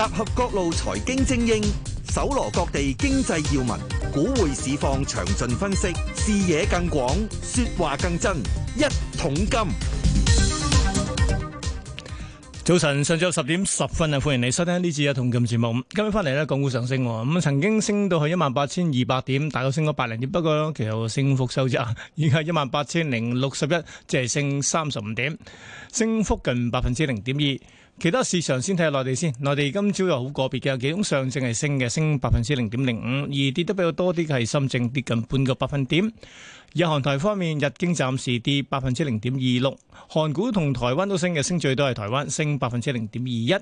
集合各路財經精英，搜羅各地經濟要聞，股匯市況詳盡分析，視野更廣，說話更真。一桶金。早晨，上晝十點十分啊！歡迎你收聽呢次嘅一桶金節目。今日翻嚟咧，港股上升，咁曾經升到去一萬八千二百點，大概升咗百零點，不過其實升幅收窄，而家一萬八千零六十一，即係升三十五點，升幅近百分之零點二。其他市場先睇下內地先，內地今朝又好個別嘅，有幾種上證係升嘅，升百分之零點零五，而跌得比較多啲嘅係深證跌近半個百分點。日韓台方面，日經暫時跌百分之零點二六，韓股同台灣都升嘅，升最多係台灣升百分之零點二一。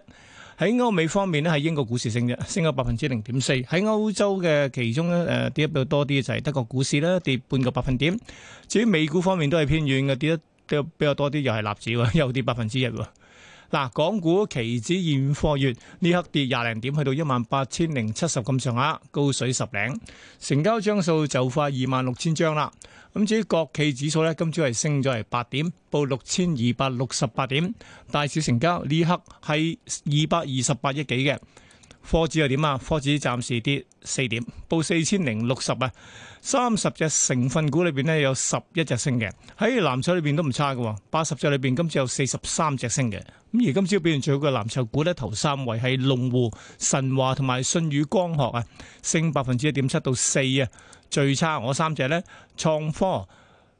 喺歐美方面咧，係英國股市升嘅，升咗百分之零點四。喺歐洲嘅其中咧，誒跌得比較多啲就係德國股市咧跌半個百分點。至於美股方面都係偏軟嘅，跌得比較比較多啲又係納指喎，又跌百分之一喎。嗱，港股期指現貨月呢刻跌廿零點，去到一萬八千零七十咁上下，高水十零，成交張數就快二萬六千張啦。咁至於國企指數呢，今朝係升咗嚟八點，報六千二百六十八點。大市成交呢刻係二百二十八億幾嘅。科指又點啊？科指暫時跌四點，報四千零六十啊。三十隻成分股裏邊咧，有十一隻升嘅，喺藍籌裏邊都唔差㗎。八十隻裏邊，今次有四十三隻升嘅。咁而今朝表現最好嘅藍籌股呢，頭三位係龍湖、神華同埋信宇光學啊，升百分之一點七到四啊。最差我三隻呢，創科、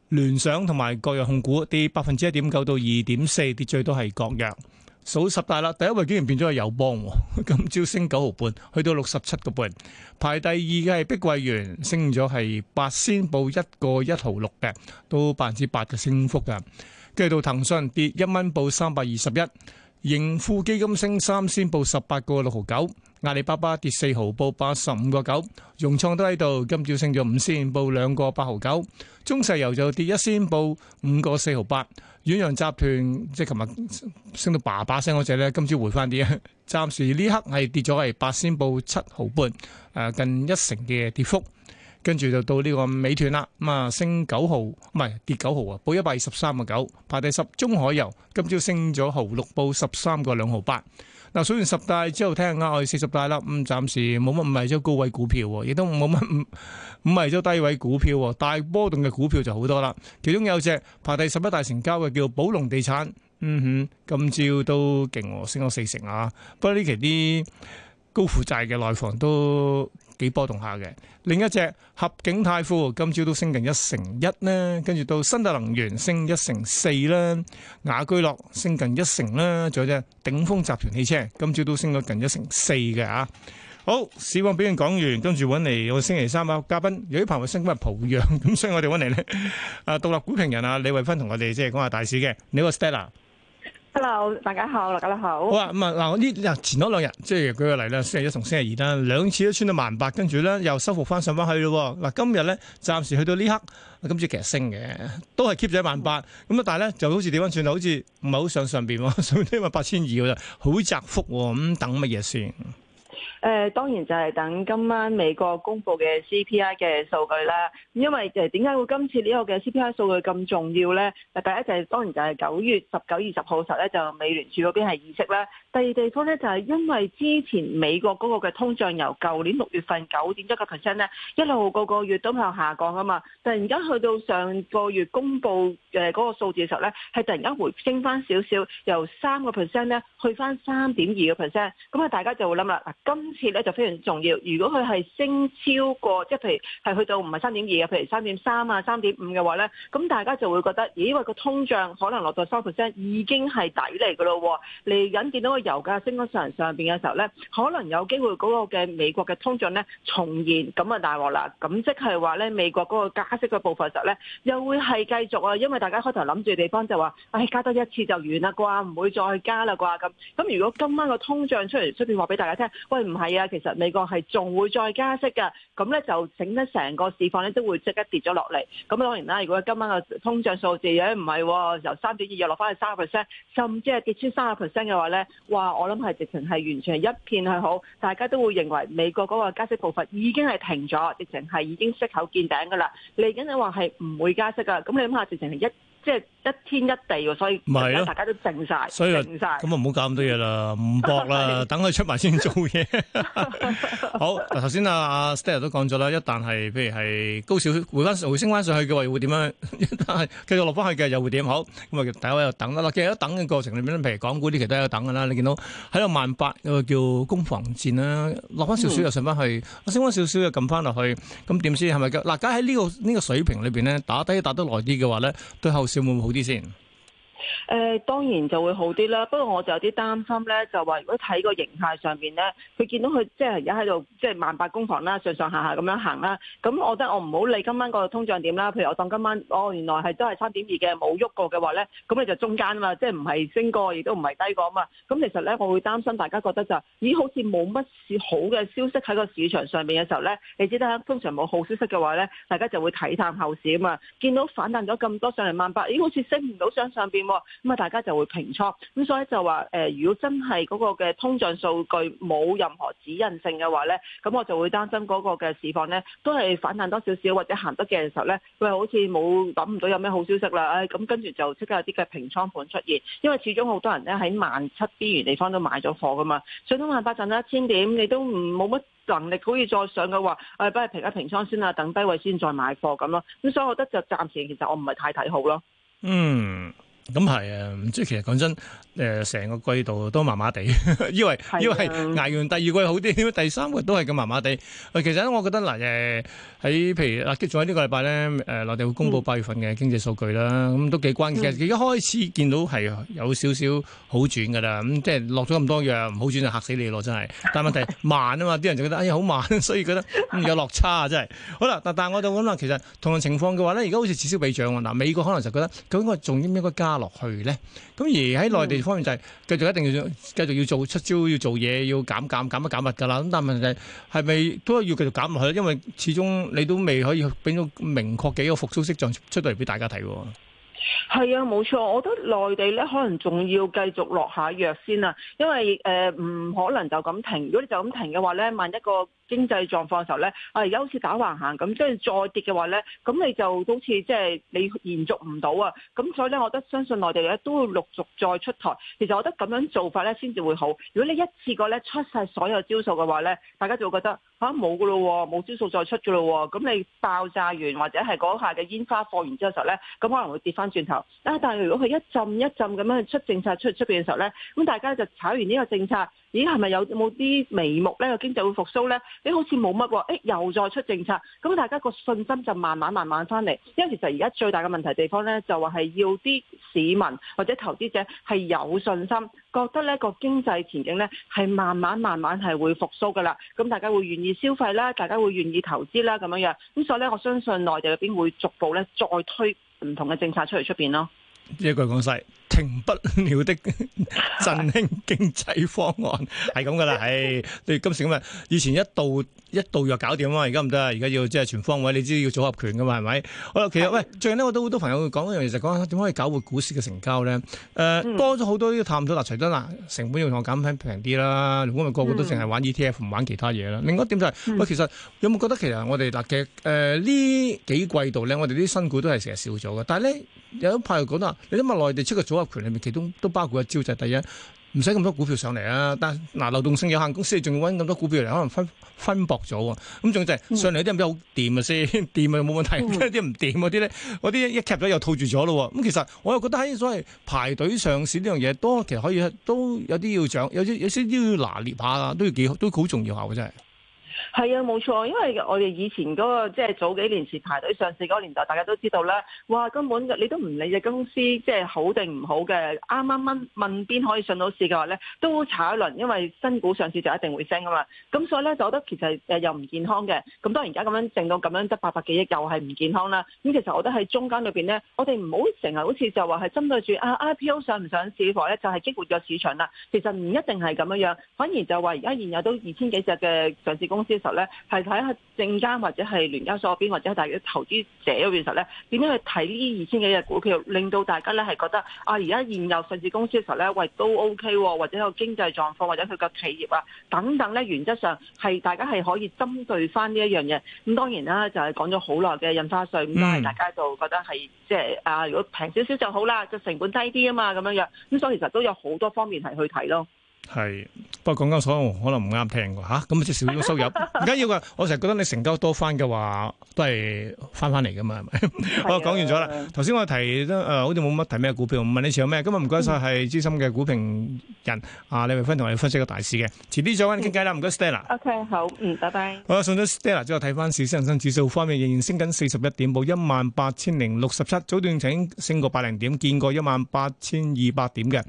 聯想同埋國藥控股跌百分之一點九到二點四，跌最多係國藥。數十大啦，第一位竟然變咗係友邦，今朝升九毫半，去到六十七個半。排第二嘅係碧桂園，升咗係八仙，報一個一毫六嘅，都百分之八嘅升幅㗎。跟住到騰訊跌一蚊，報三百二十一。盈富基金升三仙，報十八個六毫九。阿里巴巴跌四毫，報八十五個九。融創都喺度，今朝升咗五仙，報兩個八毫九。中石油就跌一仙，報五個四毫八。遠洋集團即係琴日升到爸爸聲嗰隻咧，今朝回翻啲，暫時呢刻係跌咗係八仙，報七毫半，誒，近一成嘅跌幅。跟住就到呢個美團啦，咁啊升九毫，唔係跌九毫啊，報一百二十三個九，排第十。中海油今朝升咗毫六，報十三個兩毫八。嗱，數完十大之後，睇下額外四十大啦，咁暫時冇乜唔係咗高位股票，亦都冇乜唔係咗低位股票。大波動嘅股票就好多啦，其中有隻排第十一大成交嘅叫寶龍地產，嗯哼，今朝都勁喎，升咗四成啊。不過呢期啲。高負債嘅內房都幾波動下嘅，另一隻合景泰富今朝都升近一成一啦，跟住到新特能源升一成四啦，雅居樂升近一成啦，仲有隻鼎豐集團汽車今朝都升到近一成四嘅啊！好，市況表現講完，跟住揾嚟我星期三啊，嘉賓有啲朋友升翻抱恙，咁所以我哋揾嚟咧啊，獨立股評人啊李慧芬同我哋即係講下大市嘅，你好 Stella。Hello，大家好，大家好。好啊，咁啊，嗱，呢嗱，前嗰兩日，即係舉個例啦，星期一同星期二啦，兩次都穿到萬八，跟住咧又收復翻上翻去咯。嗱，今日咧暫時去到呢刻，今朝其實升嘅，都係 keep 住喺萬八。咁啊，但係咧就好似點樣算啊？好似唔係好上上邊喎，上邊都話八千二嘅啦，好窄幅喎。咁、嗯、等乜嘢先？誒當然就係等今晚美國公布嘅 CPI 嘅數據啦。因為誒點解會今次呢個嘅 CPI 數據咁重要咧？第一就係當然就係九月十九、二十號時候咧，就美聯儲嗰邊係議息啦。第二地方咧就係因為之前美國嗰個嘅通脹由舊年六月份九點一個 percent 咧，一路個個月都向下降噶嘛。突然間去到上個月公布誒嗰個數字嘅時候咧，係突然間回升翻少少，由三個 percent 咧去翻三點二個 percent。咁啊，大家就會諗啦，嗱今次呢就非常重要。如果佢係升超過，即係譬如係去到唔係三點二啊，譬如三點三啊、三點五嘅話咧，咁大家就會覺得，咦？因為個通脹可能落到三%已經係底嚟噶咯。嚟緊見到個油價升咗上上邊嘅時候咧，可能有機會嗰個嘅美國嘅通脹咧重現，咁啊大鑊啦。咁即係話咧美國嗰個加息嘅步伐就咧又會係繼續啊。因為大家開頭諗住地方就話，唉、哎、加多一次就完啦啩，唔會再加啦啩咁。咁如果今晚個通脹出嚟出邊話俾大家聽，喂唔？喂係啊，其實美國係仲會再加息噶，咁咧就整得成個市況咧都會即刻跌咗落嚟。咁當然啦，如果今晚嘅通脹數字如果唔係由三點二又落翻去三十 percent，甚至係跌穿三十 percent 嘅話咧，哇！我諗係直情係完全係一片係好，大家都會認為美國嗰個加息步伐已經係停咗，直情係已經息口見頂噶啦。嚟緊你話係唔會加息噶。咁你諗下，直情係一。即係一天一地喎，所以家大家都靜晒，靜晒，咁啊唔好搞咁多嘢啦，唔搏啦， 等佢出埋先做嘢。 好，頭先啊啊 Stella 都講咗啦，一旦係譬如係高少少回翻回升翻上去嘅話，又會點樣？但係繼續落翻去嘅又會點好？咁啊，大家又等啦。嗱、啊，其實喺等嘅過程裏面，譬如港股啲，其實都有等㗎啦。你見到喺度萬八，嗰個叫攻防戰啦，落翻少少又上翻去，嗯、升翻少少又撳翻落去，咁點先係咪？嗱，假如喺呢個呢個水平裏邊咧，打低打得耐啲嘅話咧，對後。仲會唔會好啲先？誒、欸、當然就會好啲啦，不過我就有啲擔心咧，就話如果睇個形態上面咧，佢見到佢即係而家喺度即係萬八攻防啦，上上下下咁樣行啦，咁我覺得我唔好理今晚個通脹點啦。譬如我當今晚哦，原來係都係三點二嘅冇喐過嘅話咧，咁你就中間啊嘛，即係唔係升過亦都唔係低過啊嘛。咁其實咧，我會擔心大家覺得就咦好似冇乜事好嘅消息喺個市場上面嘅時候咧，你知得通常冇好消息嘅話咧，大家就會睇淡後市啊嘛。見到反彈咗咁多上嚟萬八，咦好似升唔到上上邊。咁啊，大家就會平倉。咁所以就話誒，如果真係嗰個嘅通脹數據冇任何指引性嘅話咧，咁我就會擔心嗰個嘅市況咧都係反彈多少少，或者行得嘅時候咧，佢好似冇諗唔到有咩好消息啦。唉，咁跟住就即刻有啲嘅平倉盤出現，因為始終好多人咧喺萬七邊緣地方都買咗貨㗎嘛。上通萬八陣啦，一千點你都唔冇乜能力可以再上嘅話，誒不如平一平倉先啦，等低位先再買貨咁咯。咁所以我覺得就暫時其實我唔係太睇好咯。嗯。咁係啊，即係、嗯、其實講真，誒，成個季度都麻麻地，因為的因為挨完第二季好啲，咁第三季都係咁麻麻地。誒，其實我覺得嗱，誒、呃，喺譬如啦，即仲喺呢個禮拜咧，誒、呃，內地會公布八月份嘅經濟數據啦，咁都幾關鍵。而家、嗯嗯、開始見到係有少少好轉噶啦，咁、嗯、即係落咗咁多藥，唔好轉就吓死你咯，真係。但係問題慢啊嘛，啲 人就覺得哎呀好慢，所以覺得、嗯、有落差啊，真係。好啦，嗱，但係我就諗啦，其實同樣情況嘅話咧，而家好似至少比漲啊。嗱，美國可能就覺得究竟我仲應唔應該加。落去咧，咁而喺內地方面就係繼續一定要做，繼續要做出招，要做嘢，要減減減乜減物噶啦。咁但係問題係，係咪都要繼續減落去咧？因為始終你都未可以俾到明確幾個復蘇跡象出到嚟俾大家睇。係啊，冇錯，我覺得內地咧可能仲要繼續落下藥先啊，因為誒唔可能就咁停，如果你就咁停嘅話咧，萬一個經濟狀況嘅時候咧，啊而家好似打橫行咁，跟住再跌嘅話咧，咁你就好似即係你延續唔到啊，咁所以咧，我覺得相信內地咧都會陸續再出台，其實我覺得咁樣做法咧先至會好，如果你一次過咧出晒所有招數嘅話咧，大家就會覺得。吓冇噶咯，冇招數再出噶咯，咁、嗯、你爆炸完或者係嗰下嘅煙花放完之後嘅時候咧，咁、嗯、可能會跌翻轉頭。啊，但係如果佢一浸一浸咁樣出政策出出邊嘅時候咧，咁、嗯、大家就炒完呢個政策。咦，係咪有冇啲眉目呢？個經濟會復甦呢？你好似冇乜喎，誒，又再出政策，咁大家個信心就慢慢慢慢翻嚟。因為其實而家最大嘅問題地方呢，就話係要啲市民或者投資者係有信心，覺得呢個經濟前景呢係慢慢慢慢係會復甦噶啦。咁大家會願意消費啦，大家會願意投資啦，咁樣樣。咁所以呢，我相信內地嗰邊會逐步呢再推唔同嘅政策出嚟出面咯。一句講晒。停不了的 振興經濟方案係咁噶啦，唉， 你、哎、今時今日以前一度一度要搞掂啊，而家唔得，而家要即係全方位，你知要組合拳噶嘛，係咪？好啦，其實喂，最近呢，我都好多朋友會講一樣嘢，就講點可以搞活股市嘅成交咧。誒、呃，嗯、多咗好多探討，嗱、啊，除咗嗱成本要同我降翻平啲啦，如果咪個個都淨係玩 ETF，唔、嗯、玩其他嘢啦。另外一點就係、嗯、喂，其實有冇覺得其實我哋嗱嘅誒呢幾季度咧，我哋啲新股都係成日少咗嘅，但係咧。有一派又講得你諗下內地出個組合拳裏面，其中都包括一招就係、是、第一唔使咁多股票上嚟啊。但嗱、啊，流動性有限公司你仲要揾咁多股票嚟，可能分分薄咗喎。咁、嗯、仲、嗯、就係上嚟啲唔知好掂啊先，掂啊冇、啊啊、問題。有啲唔掂嗰啲咧，嗰啲一吸咗、啊、又套住咗咯。咁、嗯、其實我又覺得喺所謂排隊上市呢樣嘢，都其實可以都有啲要獎，有啲有少少要拿捏下，啊，都要幾都好重要下嘅，真係。係啊，冇錯，因為我哋以前嗰、那個即係、就是、早幾年前，排隊上市嗰年代，大家都知道啦。哇，根本你都唔理隻公司即係、就是、好定唔好嘅，啱啱問問邊可以上到市嘅話咧，都炒一輪，因為新股上市就一定會升啊嘛。咁所以咧，就我覺得其實誒又唔健康嘅。咁當然而家咁樣剩到咁樣得八百幾億，又係唔健康啦。咁其實我覺得喺中間裏邊咧，我哋唔好成日好似就話係針對住啊 IPO 上唔上市嘅話咧，就係、是、激活咗市場啦。其實唔一定係咁樣，反而就話而家現在現在有都二千幾隻嘅上市公司。其實咧，係睇下證監或者係聯交所嗰邊，或者係大家投資者嗰邊時候咧，點樣去睇呢二千幾隻股票？票令到大家咧係覺得啊，而家現有上市公司嘅時候咧，喂都 OK，哦，或者有經濟狀況，或者佢個企業啊等等咧，原則上係大家係可以針對翻呢一樣嘢。咁當然啦，就係講咗好耐嘅印花稅，咁啊，大家就係、大家覺得係即係啊，如果平少少就好啦，就成本低啲啊嘛，咁樣樣。咁所以其實都有好多方面係去睇咯。係不過講鳩所，可能唔啱聽嘅吓，咁啊即少少收入，唔緊要噶。我成日覺得你成交多翻嘅話，都係翻翻嚟噶嘛，係咪是的、哦呃？好，講完咗啦。頭先我提誒，好似冇乜提咩股票，唔問你似有咩。今日唔該晒，係資深嘅股評人啊李慧芬同你分析個大市嘅。遲啲再搵你傾偈啦，唔該 Stella。O、okay, K，好，嗯，拜拜。好、哦，送咗 Stella。之後睇翻市恒生指數方面，仍然升緊四十一點，報一萬八千零六十七，早段曾經升過百零點，見過一萬八千二百點嘅。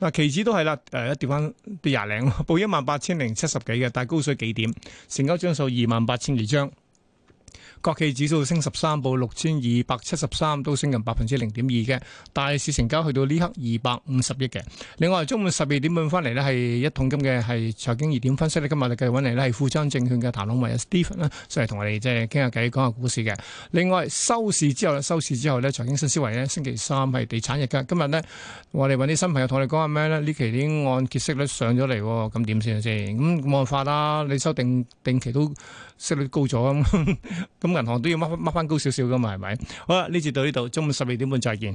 嗱，期指都係啦，誒、呃，跌翻，跌廿零咯，報一萬八千零七十幾嘅，但係高水幾點，成交張數二萬八千餘張。國企指數升十三點六千二百七十三，都升近百分之零點二嘅。大市成交去到呢刻二百五十億嘅。另外中午十二點半翻嚟呢係一桶金嘅係財經熱點分析咧。今日我繼續揾嚟呢係富昌證券嘅譚朗蔚啊 Steven 啦，上嚟同我哋即係傾下偈、講下股市嘅。另外收市之後呢，收市之後呢，財經新思維呢星期三係地產日嘅。今日呢，我哋揾啲新朋友同你講下咩呢？呢期啲按揭息率上咗嚟，咁點先啊？先咁冇辦法啦，你收定定期都息率高咗咁。 銀行都要掹翻掹翻高少少噶嘛，係咪？好啦，呢次到呢度，中午十二點半再見。